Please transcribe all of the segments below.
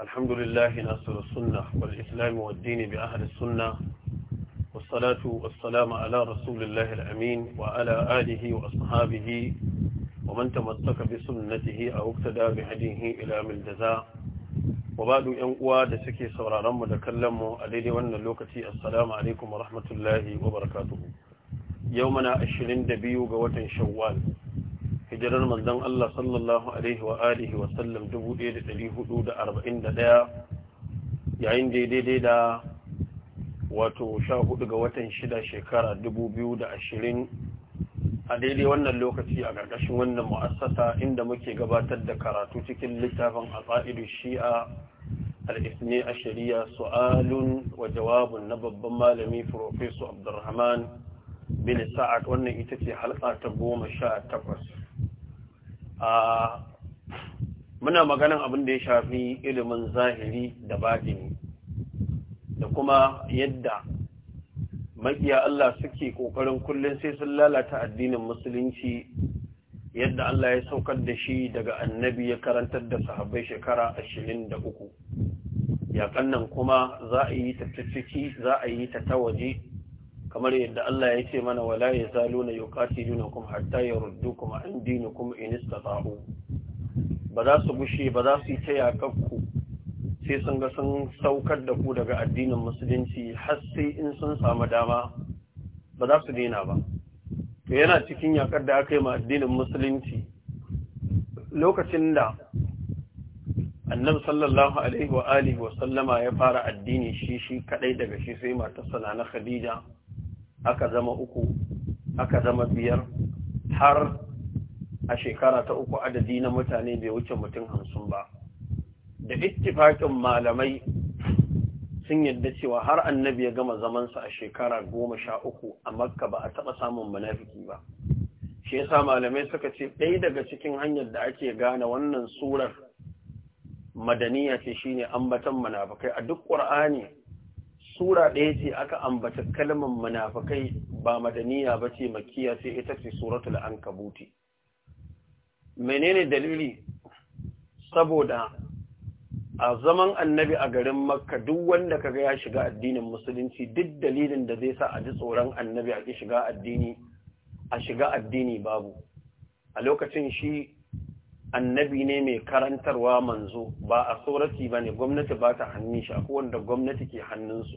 الحمد لله ناصر السنة والإسلام والدين بأهل السنة والصلاة والسلام على رسول الله الأمين وعلى آله وأصحابه ومن تمسك بسنته أو اقتدى بهديه إلى من الجزاء وبعد ينقوى دسكي سورارا مدكلم عليه وأن اللوكتي السلام عليكم ورحمة الله وبركاته يومنا 22 قوة شوال hijirar manzon Allah sallallahu alaihi wa alihi wa sallam 1441 yayin da daidai da wato 14 ga watan 6 shekara 2020 a daidai wannan lokaci a ƙarƙashin wannan mu'assasa inda muke gabatar da karatu cikin littafin al'a'idu shi'a al-isni a shari'a su'alun wa jawabun na babban malami Profesor Abdulrahman bin sa'ad wannan ita ce halka ta goma sha takwas muna maganan abin da ya shafi ilimin zahiri da batini da kuma yadda makiya Allah suke ƙoƙarin kullum sai sun lalata addinin musulunci yadda Allah ya saukar da shi daga annabi ya karantar da sahabbai shekara ashirin da uku Yaƙannan kuma za a yi ta ciki za a yi ta tawaje kamar yadda Allah ya ce mana wala ya zalo na kuma hatta kuma an kuma in istata'u ba za su gushe ba za su yi ta yakakku sai sun ga sun saukar da ku daga addinin musulunci har sai in sun samu dama ba za su daina ba to yana cikin yakar da aka yi ma addinin musulunci lokacin da annabi sallallahu alaihi wa alihi wa sallama ya fara addini shi shi kadai daga shi sai matarsa na Khadija aka zama uku aka zama biyar har a shekara ta uku adadi na mutane bai wuce mutum hamsin ba da ittifaƙin malamai sun yadda cewa har annabi ya gama zamansa a shekara goma sha uku a makka ba a taɓa samun munafiki ba shi yasa malamai suka ce ɗaya daga cikin hanyar da ake gane wannan surar madaniya ce shine ambaton munafikai a duk ƙur'ani sura ɗaya ce aka ambata kalmar munafikai ba madaniya ba ce makiya sai ita ce suratul ankabuti menene dalili saboda a zaman annabi a garin makka duk wanda kaga ya shiga addinin musulunci duk dalilin da zai sa a ji tsoron annabi a ki a shiga addini babu a lokacin shi annabi ne mai karantarwa manzo ba a tsorati ba ne gwamnati ba ta hannun shi akwai wanda gwamnati ke hannunsu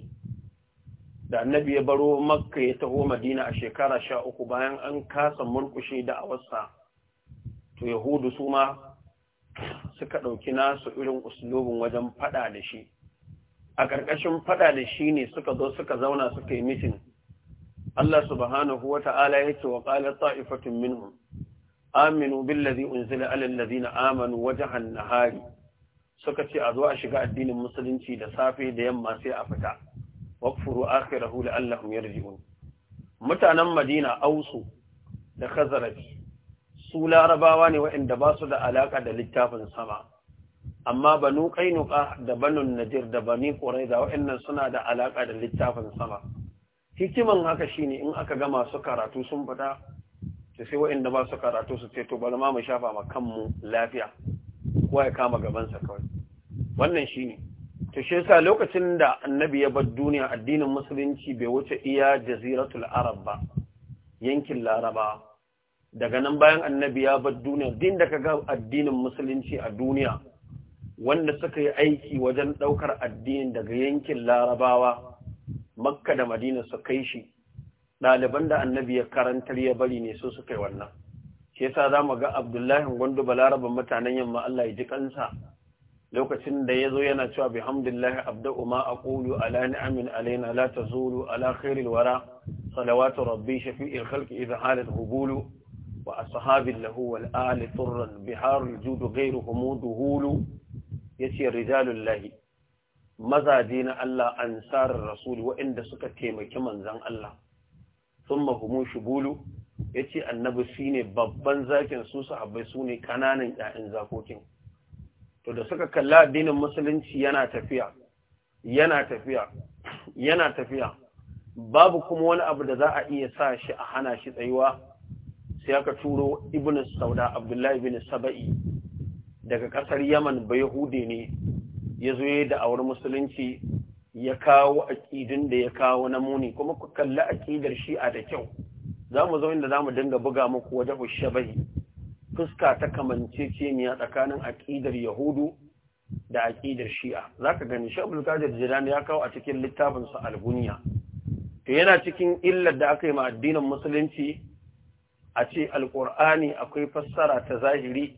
da annabi ya baro makka ya taho madina a shekara sha uku bayan an kasa murkushe da a wasa to yahudu su ma suka ɗauki nasu irin uslubin wajen faɗa da shi a ƙarƙashin faɗa da shi ne suka zo suka zauna suka yi mitin Allah subhanahu wa ta'ala ya ce wa ƙalar ta'ifatun minhum aminu billazi unzila ala allazina amanu wajhan nahari suka ce a zo a shiga addinin musulunci da safe da yamma sai a fita waqfuru akhirahu la'allahum yarji'un mutanen madina ausu da khazraj su larabawa ne waɗanda ba su da alaka da littafin sama amma banu qainuqa da banu Najir da bani quraiza waɗannan suna da alaka da littafin sama hikiman haka shine in aka ga masu karatu sun fita ta sai wa'inda ba su karatu su ce to bari ma mu shafa ma kanmu lafiya Ko ya kama gabansa kawai wannan shi ne ta shi yasa lokacin da annabi ya bar duniya addinin musulunci bai wuce iya jaziratul arab ba yankin laraba daga nan bayan annabi ya bar duniya din da kaga addinin musulunci a duniya wanda suka yi aiki wajen ɗaukar addinin daga yankin larabawa makka da madina su kai shi ɗaliban da annabi ya karantar ya bari ne so suka yi wannan shi yasa za mu ga abdullahi gwandu balaraban mutanen yamma Allah ya ji kansa lokacin da ya zo yana cewa bi hamdillahi abda'u ma aqulu ala ni'amin alaina la tazulu ala khairil wara salawatu rabbi shafi'il khalqi idan halat hubulu wa ashabil lahu wal ali turran biharul gairu, ghayru hulu yace rijalul lahi Mazaje na Allah ansarar rasul wa'inda suka taimaki manzon Allah sun mahumu shubulu ya ce annabi shine ne babban zakin su sahabbai su ne kananan ‘ya'yan zakokin to da suka kalla addinin musulunci yana tafiya yana tafiya yana tafiya babu kuma wani abu da za a iya sa shi a hana shi tsayuwa sai aka turo ibn sauda abdullahi ibn saba'i daga ƙasar yaman bai ne ya zo da awar musulunci ya kawo aƙidun da ya kawo na muni kuma ku kalli aƙidar shi'a da kyau za mu zo inda za mu dinga buga muku wajen ushabahi fuska ta kamance a tsakanin aƙidar yahudu da aƙidar shi'a za ka gani shabul kajar jirani ya kawo a cikin littafinsa algunya to yana cikin illar da aka yi ma addinin musulunci a ce alƙur'ani akwai fassara ta zahiri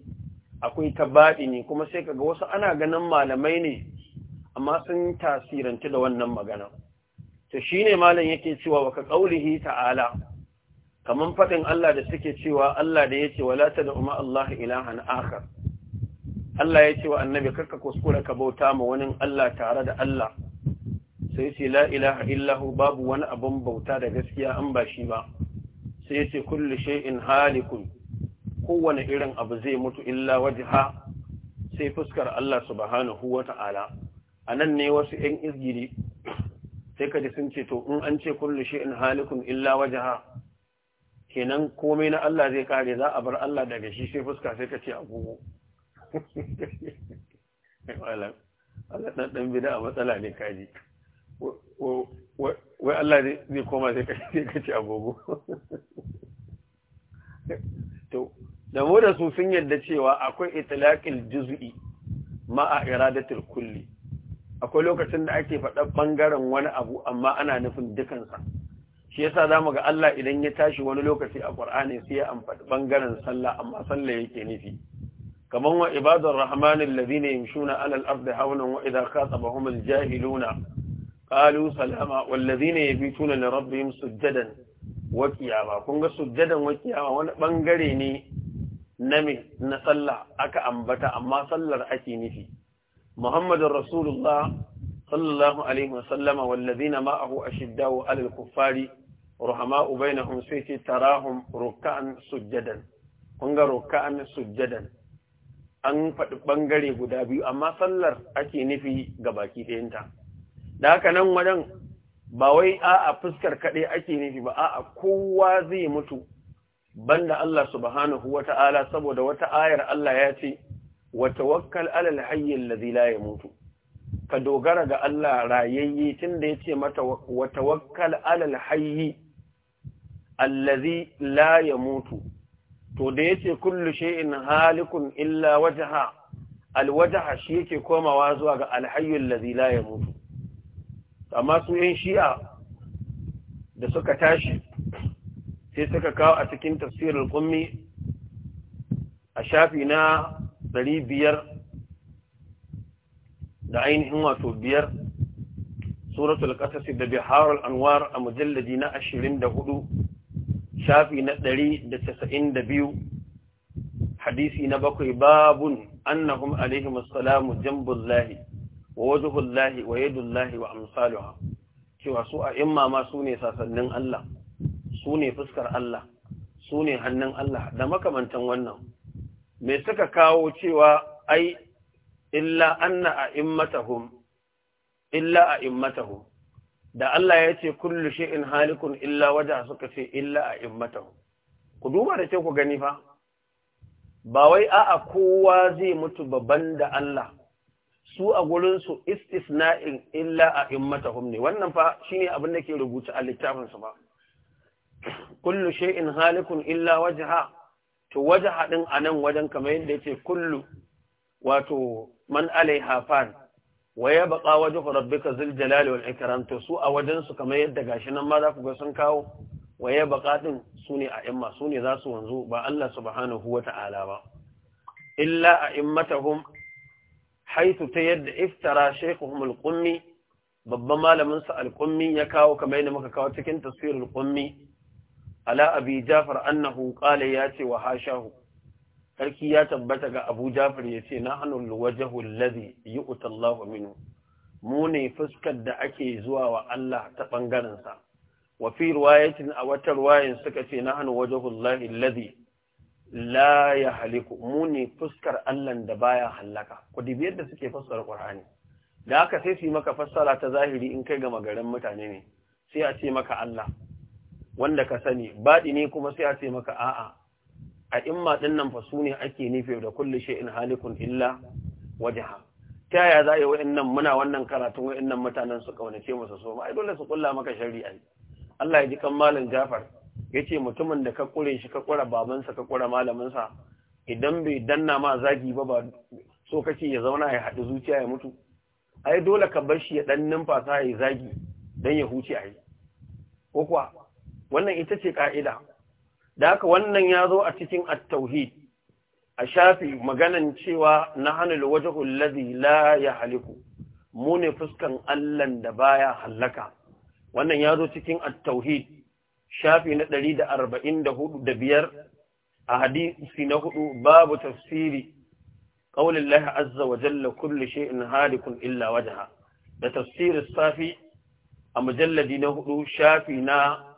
akwai ta baɗi ne kuma sai kaga wasu ana ganin malamai ne amma sun tasirantu da wannan magana to shine malam yake cewa wa ka qaulihi ta'ala Kamar faɗin Allah da suke cewa Allah da yace wala tad'u ma Allah ilahan akhar Allah ce wa annabi karka kuskura ka bauta ma wani Allah tare da Allah sai yace la ilaha illahu babu wani abun bauta da gaskiya an ba shi ba sai yace kullu shay'in halikun kowane irin abu zai mutu illa ha? sai fuskar Allah subhanahu ta'ala. a nan ne wasu ‘yan izgiri sai ka ji sun ce to in an ce kullu shi in halikun illa waje ha kenan komai na Allah zai kare za a bar Allah daga shi sai fuska sai ka ce agogo Allah ɗan ɗan bida a matsala ne kaji wai Allah zai koma sai ka ce agogo to da mu da su sun yadda cewa akwai itlaqil juz'i ma'a iradatul kulli akwai lokacin da ake faɗa ɓangaren wani abu amma ana nufin dukansa shi yasa za mu ga Allah idan ya tashi wani lokaci a ƙwar'ani sai ya amfani ɓangaren sallah amma sallah yake nufi kamar wa ibadar rahmanin lazina shuna, alal ardi hawlan wa idza khatabahum aljahiluna qalu salama wal ladina yabituna li rabbihim sujadan wa qiyama kun ga sujjadan wa wani bangare ne na me na sallah aka ambata amma sallar ake nufi muhammadun rasulullah sallallahu alaihi wasallama wallazina ma'ahu ashiddaw alal kuffari rahama'u bainahum sai ce tarahum ruk'an sujjadan kun Kunga ruk'an sujjadan an faɗi ɓangare guda biyu amma sallar ake nufi ga baki ɗayanta da haka nan wajen ba wai a'a fuskar kaɗai ake nufi ba a'a kowa zai mutu banda Allah subhanahu wata'ala saboda wata ayar Allah ya ce Wata tawakkal alal hayyin alladhi la mutu. ka dogara ga Allah rayayye tunda yace mata Wata tawakkal alal hayy alladhi la mutu. to da yace kullu shiin halikun illa wajaha shi yake komawa zuwa ga alhayy alladhi la mutu amma su yan shi'a da suka tashi sai suka kawo a cikin tafsirin qummi a shafi na ɗari biyar da ainihin wato biyar suratul ƙasasi da biharul anwar a mujallaji na ashirin da hudu shafi na ɗari da casa'in da biyu hadisi na bakwai babun annahum alaihim assalamu jambullahi wa wajuhullahi wa yadullahi wa amsaluha cewa su a imma ma su ne sasannin Allah su ne fuskar Allah su ne hannun Allah da makamantan wannan me suka kawo cewa ai illa anna a'immatahum illa a'immatahum da Allah ya ce kullu shay'in halikun illa waja suka ce illa a'immatahum ku duba da ce ku gani fa ba wai a'a kowa zai mutu babban da Allah su a gurinsu istisna'in illa a immatahum ne wannan fa shine abin da ke rubuta a littafin ba kullu shay'in halikun illa wajha to waje haɗin a nan wajen kamar yadda ya ce kullu wato man alai hafan wa ya baƙa waje rabbika zil jalali wal ikram to su a wajen su kamar yadda gashi nan ma za ku ga sun kawo wa ya baƙa din su ne a imma su ne za su wanzu ba Allah subhanahu wa ta'ala ba illa a immatahum haisu ta yadda iftara shaykhuhum al-qummi babban malamin su al-qummi ya kawo kamar yadda muka kawo cikin tasirin qummi ala abi jafar annahu qala ya ce wa hashahu sarki ya tabbata ga abu jafar ya ce nahnu wajahu alladhi yu'ta Allahu minhu mu ne fuskar da ake zuwa wa Allah ta bangaren sa wa fi riwayatin a wata riwayin suka ce nahnu wajhu Allahi alladhi la yahliku mu ne fuskar Allah da baya halaka ku dibi yadda suke fassara Qur'ani da haka sai su yi maka fassara ta zahiri in kai ga magarin mutane ne sai a ce maka Allah wanda ka sani baɗi ne kuma sai a ce maka a'a a imma ɗin nan fa su ne ake nufi da kulle shi in halikun illa ha ta yaya za a yi wa'annan muna wannan karatun nan mutanen su kaunace masa su so ai dole su kulla maka shari'a Allah ya ji kan malam Jafar ce mutumin da ka kure shi ka kura babansa ka kura malaminsa, idan bai danna ma zagi ba ba so ce ya zauna ya haɗu zuciya ya mutu ai dole ka bar shi ya ɗan numfasa ya yi zagi don ya huce yi ko kuwa wannan ita ce ƙa'ida da haka wannan ya zo a cikin at-tauhid a shafi maganan cewa na hannun wajahul ladhi la ya haliku mu ne fuskan allan da baya hallaka wannan ya zo cikin at shafi na ɗari da biyar a hadisi na hudu babu tafsiri qaulin lahi azza wa jalla kullu shay'in halikun illa wajaha, da tafsirin safi a mujalladi na hudu shafi na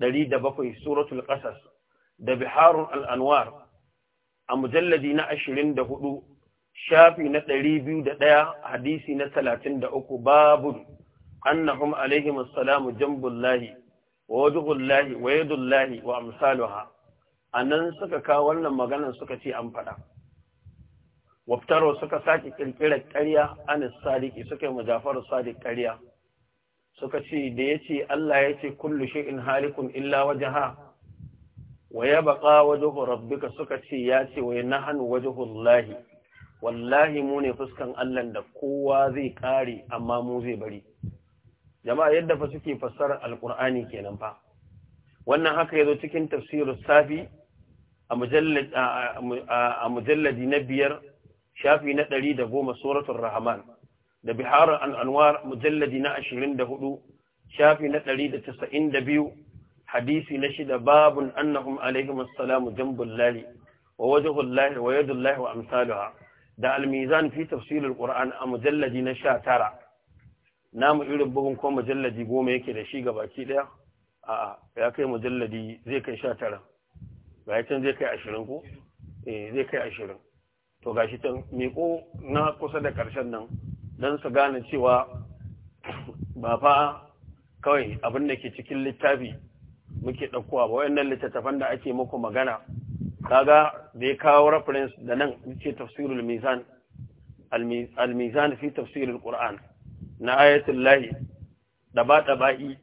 da bakwai, suratul ƙasas, da biharun al-anwar a mujalladi na hudu, shafi na ɗari biyu da ɗaya, hadisi na uku, babu annahum alaihim assalamu jambullahi wa wajhullahi wa yadullahi wa amsaluha anan suka kawo wannan maganar suka ce an faɗa. Wabtaro suka sake ƙirƙirar ƙarya anis sadiki suka yi mujafaru sadiq ƙarya suka ce da ya ce Allah ya ce kullu shi in halikun illa waje ha? wa ya baƙa Rabbi rabbika suka ce ya ce wa na hannu wajahullahi wallahi mu ne fuskan Allah da kowa zai ƙare amma mu zai bari jama'a yadda fa suke fassarar alƙur'ani kenan fa wannan haka ya zo cikin tafsirin safi a mujalladi na biyar shafi na ɗari da goma suratun rahman da biharar al'anwar mujalladi na 24 shafi na 192 hadisi na shida babun annahum alaihim assalamu jambul lali wa wajhul lahi wa yadul lahi wa amsaluha da almizan fi tafsirul qur'an a mujalladi na 19 namu irin bugun ko mujalladi goma yake da shi ga baki ɗaya? a'a ya kai mujalladi zai kai 19 bayan can zai kai 20 ko eh zai kai 20 to gashi ta miko na kusa da karshen nan don su gane cewa ba fa kawai abin da ke cikin littafi muke ɗaukowa ba wayannan littattafan da ake muku magana kaga da ya kawo reference da nan ce tafsirul mizan al-mizan fi tafsirul qur'an na ayatul lahi da ba da ba'i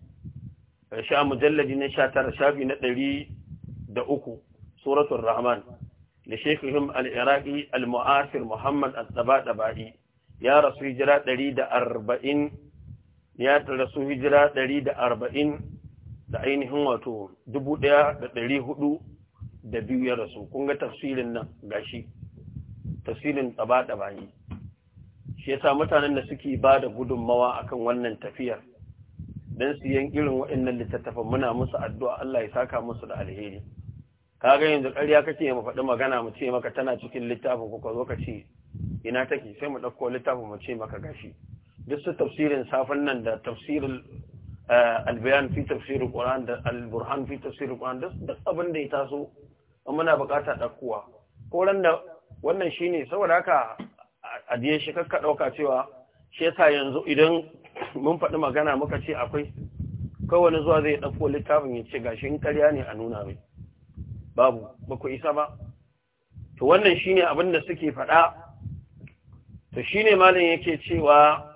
sha mujalladi na 19 shafi na 103 suratul rahman da shaykhihim al-iraqi al-mu'asir muhammad al-tabatabai ya rasu hijira ɗari da arba'in ya rasu hijira ɗari da arba'in da ainihin wato dubu ɗaya da ɗari hudu da biyu ya rasu kun ga tafsirin nan ga shi. tafsirin ɗaba-ɗaba ne shi yasa mutanen da suke ba da gudunmawa akan wannan tafiyar don su irin waɗannan littattafan muna musu addu'a Allah ya saka musu da alheri Ka kaga yanzu ƙarya kake mu faɗi magana mu ce maka tana cikin littafin ko ka zo ka ce ina take sai mu ɗauko littafin mu ce maka gashi duk su tafsirin safan nan da tafsirin eh, albayan fi tafsirin qur'an da alburhan fi tafsirin qur'an duk abin da ya taso muna bukata ɗaukowa ko ran da wannan shine saboda haka ajiye shi kakka ɗauka cewa shi yasa yanzu idan mun faɗi magana muka ce akwai kowane zuwa zai ɗauko littafin ya ce gashi in ƙarya ne a nuna mai babu ba ku isa ba to wannan shine abin da suke faɗa to shine malam yake cewa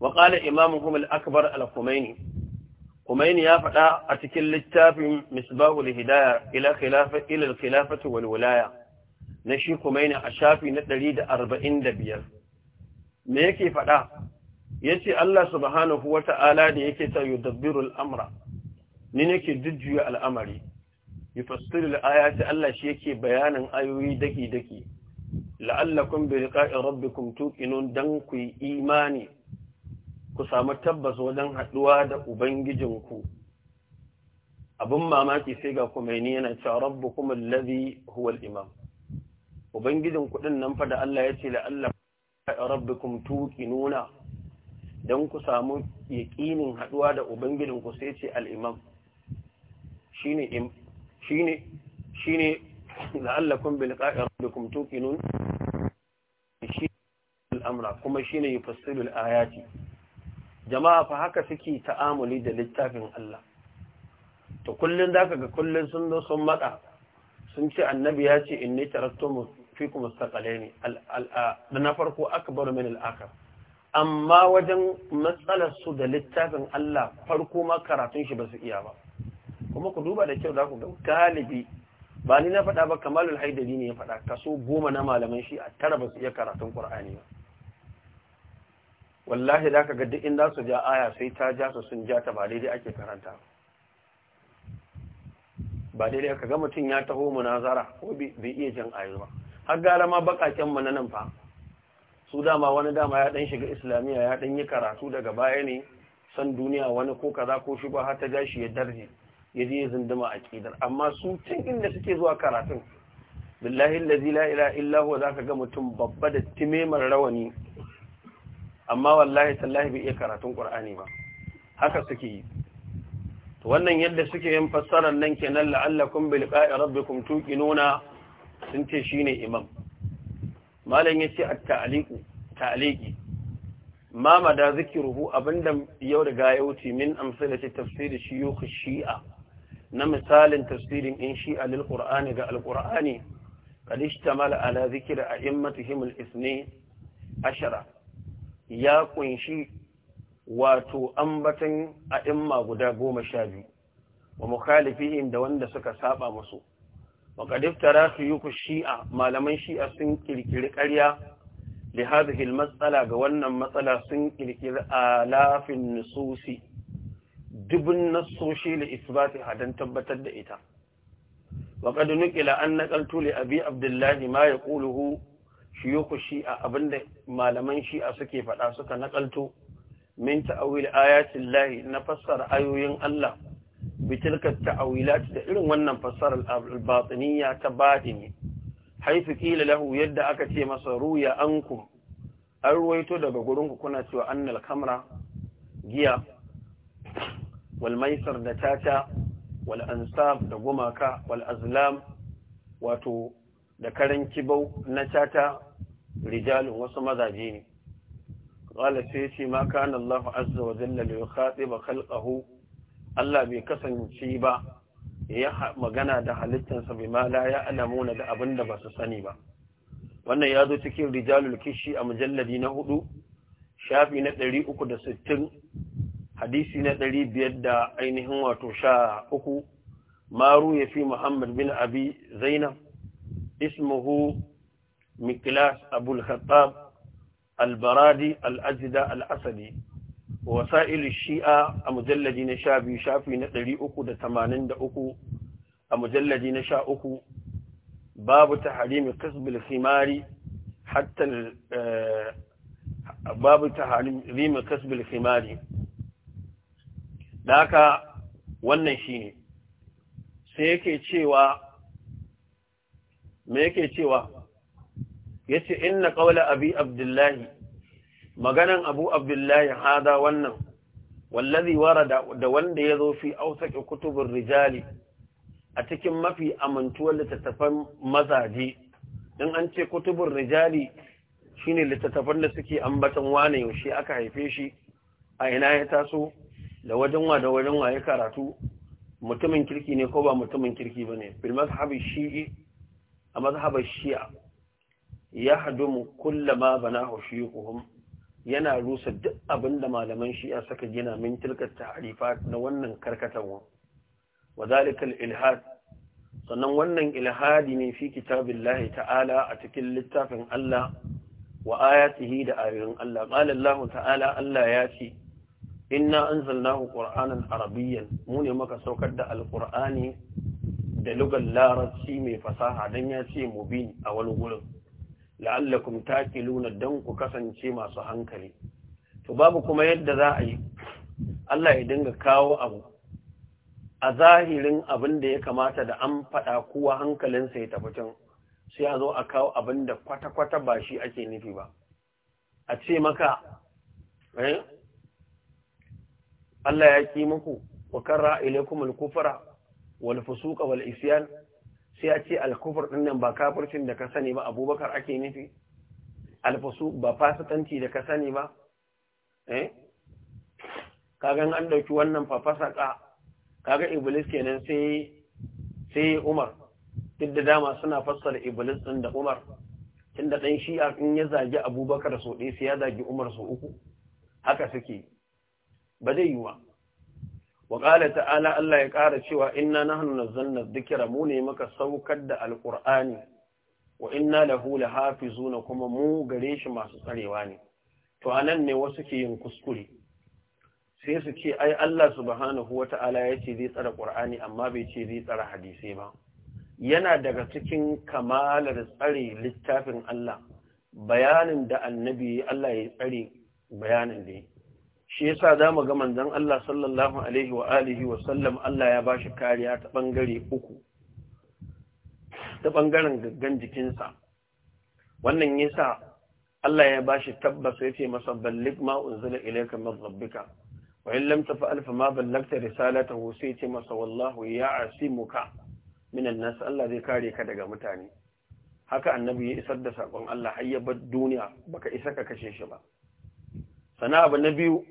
wa qala imamuhum al-akbar al-khumaini khumaini ya faɗa a cikin littafin misbahul hidaya ila khilafa ila al-khilafati wal wilaya na shi khumaini a shafi na 145 me yake faɗa yace Allah subhanahu wata'ala da yake ta yudabbiru al-amra ni ke jujjuya al'amari yufassiru al-ayati Allah shi yake bayanin ayoyi daki daki la'allakum bi liqa'i rabbikum tuqinun dan ku imani ku samu tabbas wajen haduwa da ubangijinku abin mamaki sai ga kumaini yana cewa rabbu kuma huwa al-imam ubangijin kuɗin nan fa da Allah ya ce la Allah rabbukum tuqinuna dan ku samu yaqinin haduwa da ubangijin ku sai ce al-imam shine shine shine la'allakum bi liqa'i rabbikum tuqinun al'amra kuma shi ne yi fassirul ayati jama'a fa haka suke ta'amuli da littafin Allah ta kullum za ka ga kullum sun zo sun mada sun ce annabi ya ce in ne tarattu fi kuma sakale ne da na farko aka bar min al'akar amma wajen matsalarsu da littafin Allah farko ma karatun shi ba su iya ba kuma ku duba da kyau za ku ga galibi ba ni na faɗa ba kamalul haidari ne ya faɗa kaso goma na malaman shi a tara ba su iya karatun ƙur'ani ba wallahi za ka ga duk inda su ja aya sai ta ja su sun ja ta ba daidai ake karanta ba daidai ka ga mutum ya taho munazara ko bai iya jan ayo ba har gara ma bakaken mu na nan fa su dama wani dama ya dan shiga islamiyya ya dan yi karatu daga baya ne san duniya wani ko kaza ko shi ba har ta gashi ya darje ya je a a aqidar amma su tun inda suke zuwa karatun billahi allazi la ilaha illa huwa zaka ga mutum babba da timemar rawani amma wallahi tallahi bai iya karatun qur'ani ba haka suke yi to wannan yadda suke yin fassarar nan kenan la'allakum bi liqa'i rabbikum tuqinuna sun ce shine imam malam yace at-ta'liqu ta'liqi ma mada zikiruhu abinda yau riga ya wuce min amsalati tafsiri shuyukh shi'a na misalin tafsirin in shi'a lil qur'ani ga al-qur'ani qad ishtamala ala zikri a'immatihim al-ithni ashara ya kunshi wato ambatan a'imma guda goma sha biyu wa mukhalifihim da wanda suka saba musu wa qad iftara shi'a malaman shi'a sun kirkiri ƙarya li hadhihi al-mas'ala ga wannan matsala sun kirkiri alafin nususi dubun nasoshi li isbati hadan tabbatar da ita wa nuqila an naqaltu li abi Abdullahi, ma yaquluhu shiyuku shi'a abinda malaman shi'a suke faɗa suka nakalto min ta'awil ayatin lahi na fassara ayoyin Allah bitilka ta'awilat da irin wannan fassarar albatiniya ta batini haifi kila lahu yadda aka ce masa ruya anku an ruwaito daga gurinku kuna cewa annal kamra giya wal maisar da tata wal ansab da gumaka wal azlam wato da karan kibau na tata rijalun wasu mazaje ne qala sai ce ma kanallahu Allahu azza wa jalla li yukhatiba Allah bai kasance ba ya magana da halittansa bai ma la ya da abin da ba su sani ba wannan ya zo cikin rijalul kishi a mujalladi na hudu shafi na ɗari uku da sittin hadisi na ɗari biyar da ainihin wato sha uku maru ya fi muhammad bin abi zainab ismuhu مكلاس أبو الخطاب البرادي الأجدى الأسدي وسائل الشيعة مجلد نشابي شافي نقلي أكو دا تمانين دا أكو مجلد نشا أكو باب تحريم قصب الخمار حتى باب تحريم قصب الخمار لك wannan shine sai yake cewa me yake cewa ya ce inna ƙaula abi abdullahi maganan abu abdullahi hada wannan wallazi wara da wanda ya zo fi ausaki kutubin rijali a cikin mafi amintuwar littattafan mazaje in an ce kutubin rijali shine littattafan da suke ambaton wane yaushe aka haife shi a ina ya taso da wajen wa da wajen wa ya karatu mutumin kirki ne ko ba mutumin kirki bane ne mazhabi shi'i a mazhabar shi'a mu kullama banahu shuyukuhum yana rusa duk abin da malaman shi'a suka gina min tilka ta'rifa na wannan karkatawan wa ilhad sannan wannan ilhadi ne fi kitabillahi ta'ala a cikin littafin Allah wa ayatihi da ayoyin Allah qala Allah ta'ala Allah ya ce inna anzalnahu qur'anan arabiyyan mu ne muka saukar da alqur'ani da lugal larabci mai fasaha dan ya ce mubin a wani gurin la'allakum taqiluna dan ku kasance masu hankali to babu kuma yadda za a yi Allah ya dinga kawo abu a zahirin abin da ya kamata da an faɗa kuwa hankalinsa ya tafi can sai a zo a kawo abin da kwata-kwata ba shi ake nufi ba a ce maka eh, Allah ya ki muku wa karra ilaykum kufra wal fusuqa wal isyan sai ya ce alkufur ɗin nan ba kafircin da ka sani ba abubakar ake nufi alfasu ba fasikanci da ka sani ba eh kagan an ɗauki wannan Ka kaga iblis kenan sai sai umar duk da dama suna fassara iblis ɗin da umar da ɗan shi'a in ya zagi abubakar sau ɗaya sai ya zagi umar sau uku haka suke ba zai wa. Waƙala ta'ala Allah ya ƙara cewa inna nahnu zannar dhikra mu ne maka saukar da alqur'ani wa hula hafi zuna kuma mu gare shi masu tsarewa ne to anan ne wasu ke yin kuskure sai su ce ai Allah subhanahu wata'ala ya ce zai tsara Kur'ani amma bai ce zai tsara hadisi ba yana daga cikin kamalar tsare littafin Allah bayanin da annabi Allah ya tsare bayanin da shi yasa za mu ga manzon Allah sallallahu alaihi wa alihi wa sallam Allah ya bashi kariya ta bangare uku ta bangaren gaggan jikinsa wannan yasa Allah ya bashi tabbas ce masa ballig ma unzila ilayka min rabbika wa in lam tafa'al fa ma ballagta risalatahu sai yace masa wallahu ya'asimuka minan nas Allah zai kare ka daga mutane haka annabi ya isar da sakon Allah har ya bar duniya baka isa ka kashe shi ba sana abu na biyu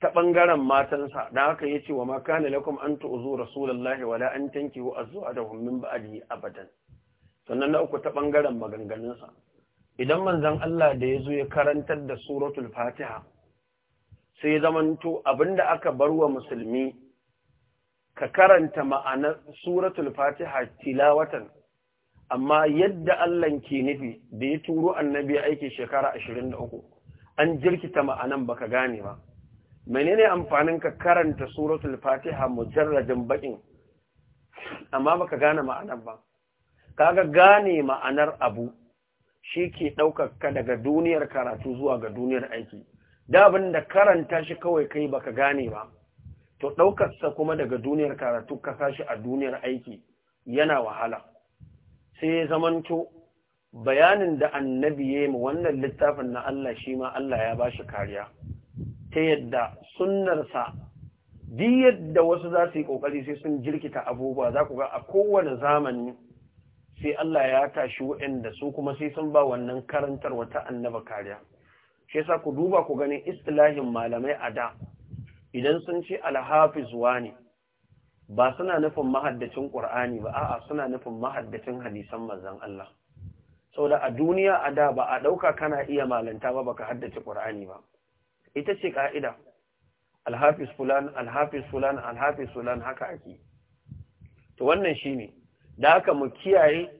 ta ɓangaren matansa da haka ya ce wa makana lakum an tu'zu rasulullahi wala an tanki tankihu azwadahum min ba'di abadan sannan na uku ta ɓangaren maganganunsa idan manzon Allah da ya zo ya karantar da suratul fatiha sai ya zamanto abinda aka bar wa musulmi ka karanta ma'anar suratul fatiha tilawatan amma yadda Allah ke nufi da ya turo annabi aiki shekara 23 an jirkita ma'anan baka gane ba menene amfanin ka karanta suratul fatiha mujarradin bakin amma baka gane ma'anar ba kaga gane ma'anar abu shi ke ɗaukar ka daga duniyar karatu zuwa ga duniyar aiki da abin da karanta shi kawai kai baka gane ba to ɗaukarsa kuma daga duniyar karatu ka sashi a duniyar aiki yana wahala sai ya zamanto bayanin da annabi ya wannan littafin na Allah shi ma Allah ya ba shi kariya ta yadda sunnarsa duk yadda wasu za su yi ƙoƙari sai sun jirkita abubuwa za ku ga a kowane zamani sai Allah ya tashi waɗanda su kuma sai sun ba wannan karantar wata annaba kariya shi yasa ku duba ku ganin istilahin malamai a da idan sun ce alhafiz ne, ba suna nufin mahaddacin Qur'ani ba a'a suna nufin mahaddacin hadisan manzon Allah saboda a duniya a da ba a ɗauka kana iya malanta ba baka haddace Qur'ani ba ita ce ka'ida alhafis fulan alhafis fulan alhafis fulan haka ake to wannan shine da haka mu kiyaye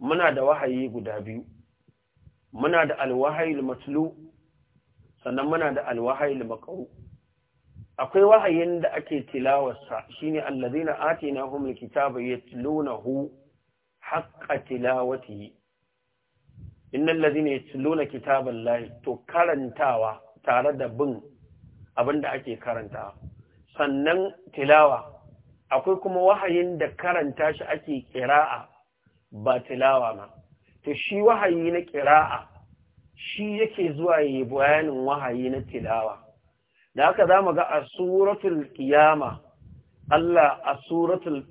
muna da wahayi guda biyu muna da alwahayil matlu sannan muna da alwahayil maqru akwai wahayin da ake tilawarsa shine allazina haƙa alkitaba yatlunahu haqqa tilawatihi innal tiluna yatluna kitaballahi to karantawa tare da bin abin da ake karanta sannan tilawa akwai kuma wahayin da karanta shi ake kira'a ba tilawa ma to shi wahayi na kira'a shi yake zuwa yi bayanin wahayi na tilawa da haka za mu ga a suratul kiyama Allah a suratul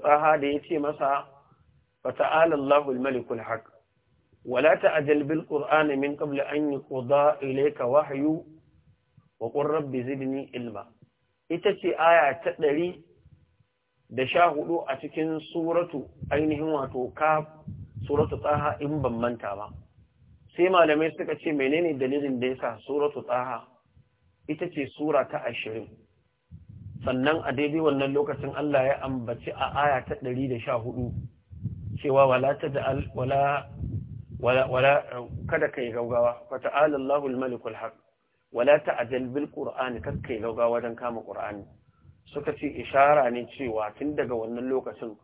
tsaha da ya ce masa fata'alallahu malikul haq ولا تعجل بالقرآن من قبل أن يقضى إليك وحي وقل رب زدني علما ita ce aya ta ɗari da sha hudu a cikin suratu ainihin wato ka suratu tsaha in ban manta ba sai malamai suka ce menene dalilin da ya sa suratu tsaha ita ce sura ta ashirin sannan a daidai wannan lokacin Allah ya ambaci a aya ta ɗari da sha hudu cewa wala ta da wala kada kai gaugawa fa ta'ala Allahu al-malikul haq wala ta'jal bil qur'ani kada kai gaugawa wajen kama qur'ani suka ce ishara ne cewa tun daga wannan lokacin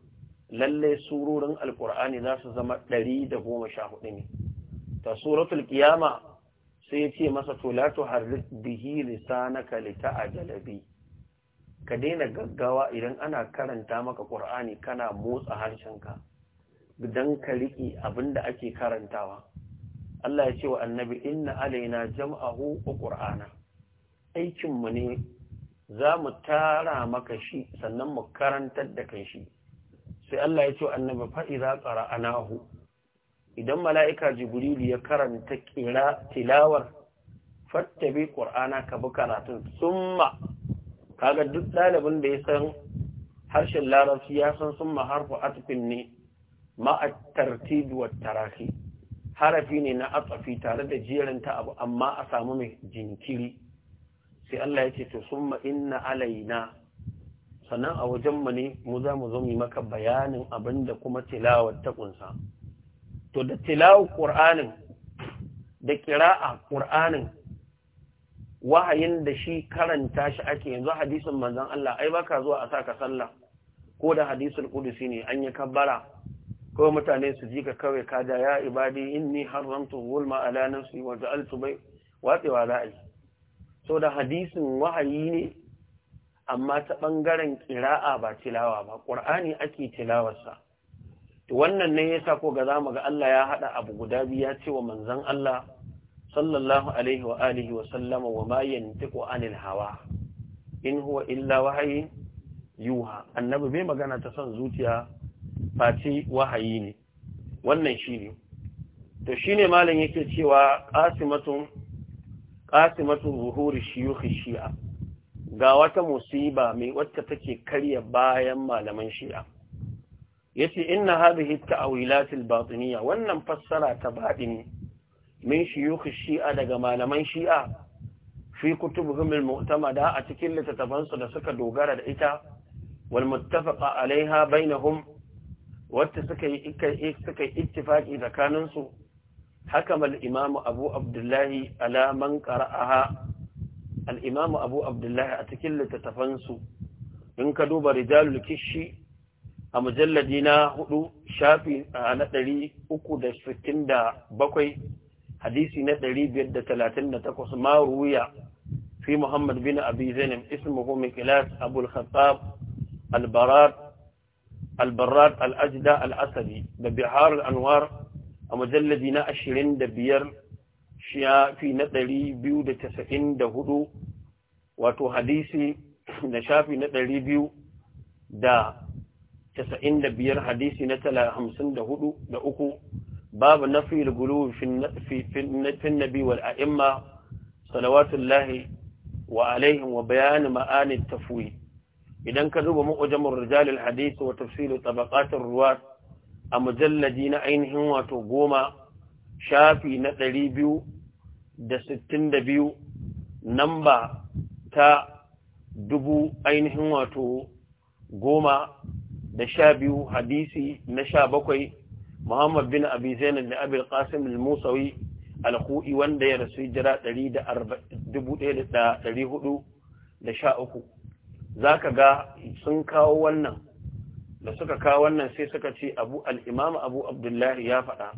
lalle surorin alqur'ani za su zama 114 ne ta suratul qiyama sai ce masa to la tuharrik bihi lisanaka lita'jala bi ka daina gaggawa idan ana karanta maka qur'ani kana motsa harshenka dan ka riƙe abin da ake karantawa Allah ya ce wa annabi inna alaina jam'ahu wa qur'ana aikin mu ne za mu tara maka shi sannan mu karantar da kai shi sai Allah ya ce wa annabi fa idza qara'anahu idan mala'ika jibrilu ya karanta kira tilawar fattabi qur'ana ka bi karatun summa kaga duk ɗalibin da ya san harshen larabci ya san summa harfu atfin ne ma'a tartibi wa tarahi harafi ne na atsafi tare da jeranta abu amma a samu mai jinkiri sai Allah ya ce to summa inna alaina sannan a wajen mu ne mu za mu zo mu maka bayanin abin da kuma tilawar ta kunsa to da tilawar qur'anin da qira'a qur'anin wahayin da shi karanta shi ake yanzu hadisin manzon Allah ai baka zuwa a saka sallah ko da hadisul qudusi ne an yi kabbara ko mutane su ji ka kawai ka da ya ibadi inni haramtu zulma ala nafsi wa ja'altu bay watsewa za yi so da hadisin wahayi ne amma ta bangaren kira'a ba tilawa ba qur'ani ake tilawarsa wannan ne yasa ko ga zamu ga Allah ya hada abu guda biyu ya ce wa manzon Allah sallallahu alaihi wa alihi wa sallama wa ma yantiqu anil hawa in huwa illa wahayi yuha annabi bai magana ta son zuciya face wahayi ne wannan shi ne to shi ne malam yake cewa ƙasimatun buhuri ruhuri shiyuhi shi'a ga wata musiba mai wacce take karya bayan malaman shi'a yace inna hadhihi at a wilatil batiniyya wannan fassara ta ne, min shiyuhi shi'a daga malaman shi'a fi kutubuhum al-mu'tamada a cikin littattafansu da suka dogara da ita wal muttafaqa alaiha bainahum wata suka yi suka yi ittifaqi tsakanin su Abu Abdullahi alaman man qara'aha Abu Abdullahi a cikin littattafansu su in ka duba rijalul kishi a mujalladi na hudu shafi na ɗari uku da sittin da bakwai hadisi na ɗari biyar da talatin da takwas ma ruya fi muhammad bin abi zainab ismuhu mikilas abul khattab albarat albarrat al'ajida al'asadi da bihar anwar a mujalladi na ashirin da biyar shafi na ɗari biyu da casa'in da hudu wato hadisi na shafi na ɗari biyu da casa'in da biyar hadisi na tala da hudu da uku babu nafi gulu fin a'imma salawatullahi wa alaihim wa bayanin ma'anin idan ka zuba mu'jamur rijalil hadisi wa Tafsiru tabaqatir ruwa a mujallaji na ainihin wato goma shafi na ɗari biyu da sittin da biyu namba ta dubu ainihin wato goma da sha biyu hadisi na sha bakwai Muhammad bin Abi Zainab da Abil Qasim al-Musawi al wanda ya rasu jira ɗari da arba'in dubu ɗaya da ɗari hudu da sha uku. za ka ga sun kawo wannan da suka kawo wannan sai suka ce abu al'imam abu abdullahi ya faɗa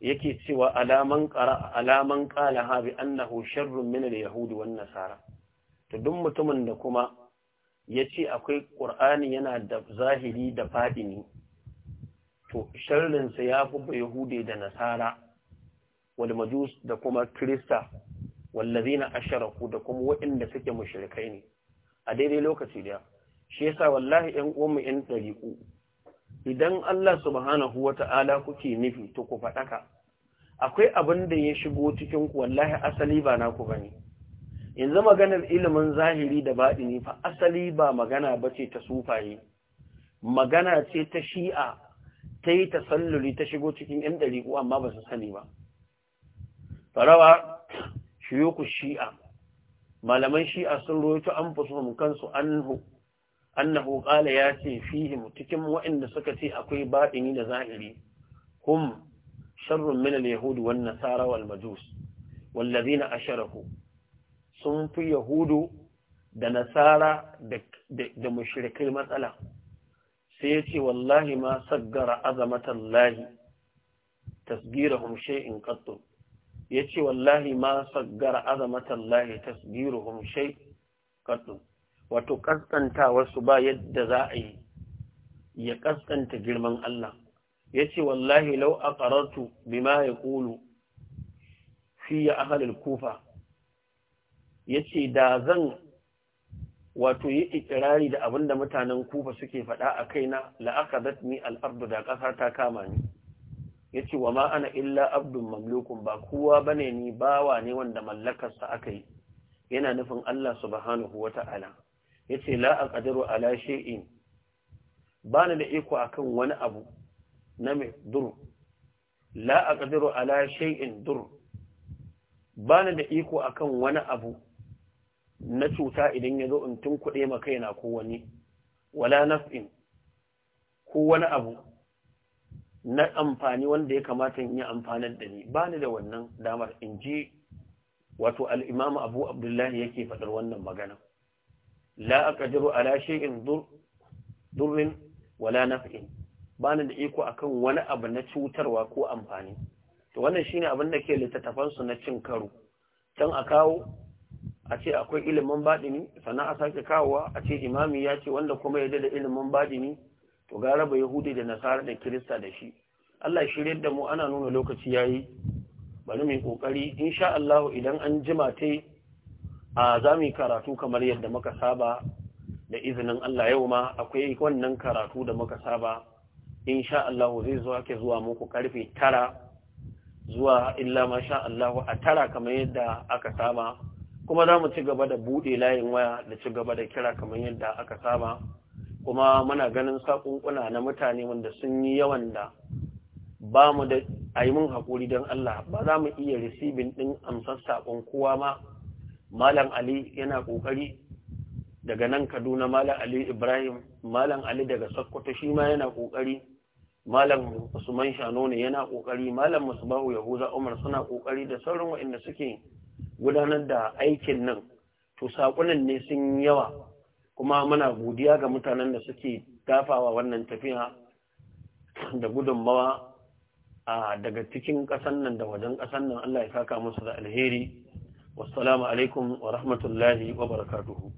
yake cewa alaman alaman ƙala habi annahu sharrun minar yahudu wan nasara to duk mutumin da kuma ya ce akwai ƙur'ani yana da zahiri da faɗi ne, to sharrinsa ya fi ba yahude da nasara wal majus da kuma kirista wallazina asharaku da kuma waɗanda suke mushrikai ne a daidai lokaci da shi yasa wallahi ɗan uwanmu ɗan ɗariƙu idan Allah subhanahu wa ta'ala kuke nufi to ku faɗaka akwai abin da ya shigo cikin ku wallahi asali ba naku bane yanzu maganar ilimin zahiri da baɗi ne fa asali ba magana ba ce ta sufaye magana ce ta shi'a ta yi ta ta shigo cikin ɗan ɗariƙu amma ba su sani ba farawa ku shi'a malaman shi'a sun roto an fusuhum kansu anhu annahu qala ya ce fihim cikin waɗanda suka ce akwai baɗini da zahiri hum sharrun minal Yahudu, yahud wan nasara wal majus wallazina sun fi yahudu da nasara da mushrikai matsala sai ya ce wallahi ma saggara azamatan lahi tasgirahum in qattu ya ce wallahi ma saggar azamatallahi tasgiruhum shay qaddu wato kaskantawar ba yadda za a yi ya kaskanta girman Allah ya ce wallahi lau a aqarartu bima yaqulu fi ahli al-kufa yace da zan wato yi ikirari da abinda mutanen kufa suke faɗa a kaina la'akadatni al-ardu da ƙasa ta kama ni ya ce wa ma ana illa abdun mamlukun ba kowa ba ne ni bawa ne wanda mallakarsa aka yi yana nufin Allah subhanahu wa ta'ala ya ce la a ƙadiru ala she'in ba ni da iko a kan wani abu na mai dur la a ƙadiru ala she'in dur ba ni da iko a kan wani abu na cuta idan ya zo in tun kuɗe ma kaina ko wani wala naf'in ko wani abu na amfani wanda ya kamata in yi amfanar da ni ba ni da wannan damar in ji wato al'imamu abu abdullahi yake faɗar wannan magana la a ala shay'in durrin wala naf'in ba ni da iko akan wani abu na cutarwa ko amfani to wannan shine abin da ke littattafansu na cin karo can a kawo a ce akwai ilimin baɗini sannan a sake kawowa a ce imami ya ce wanda kuma ya da ilimin baɗini to gara ba yahudi da nasara da kirista da shi Allah shirye da mu ana nuna lokaci yayi bari mu kokari insha Allah idan an jima ta a zamu karatu kamar yadda muka saba da izinin Allah yau ma akwai wannan karatu da muka saba insha Allah zai zo ake zuwa muku karfe tara zuwa illa masha Allah a tara kamar yadda aka saba kuma za mu ci gaba da buɗe layin waya da ci gaba da kira kamar yadda aka saba kuma muna ganin sakunkuna na mutane wanda sun yi yawan da ba mu da a yi mun haƙuri don Allah ba za mu iya risibin ɗin amsar saƙon kowa ma Malam Ali yana ƙoƙari daga nan Kaduna Malam Ali Ibrahim Malam Ali daga Sokoto shi ma yana ƙoƙari Malam Usman Shano ne yana ƙoƙari Malam Musbahu Yahuza Umar suna ƙoƙari da sauran waɗanda suke gudanar da aikin nan to saƙunan ne sun yawa kuma muna godiya ga mutanen da suke dafawa wannan tafiya da gudunmawa a daga cikin ƙasan nan da wajen ƙasan nan Allah ya saka musu da alheri wassalamu alaikum wa rahmatullahi wa barakatuhu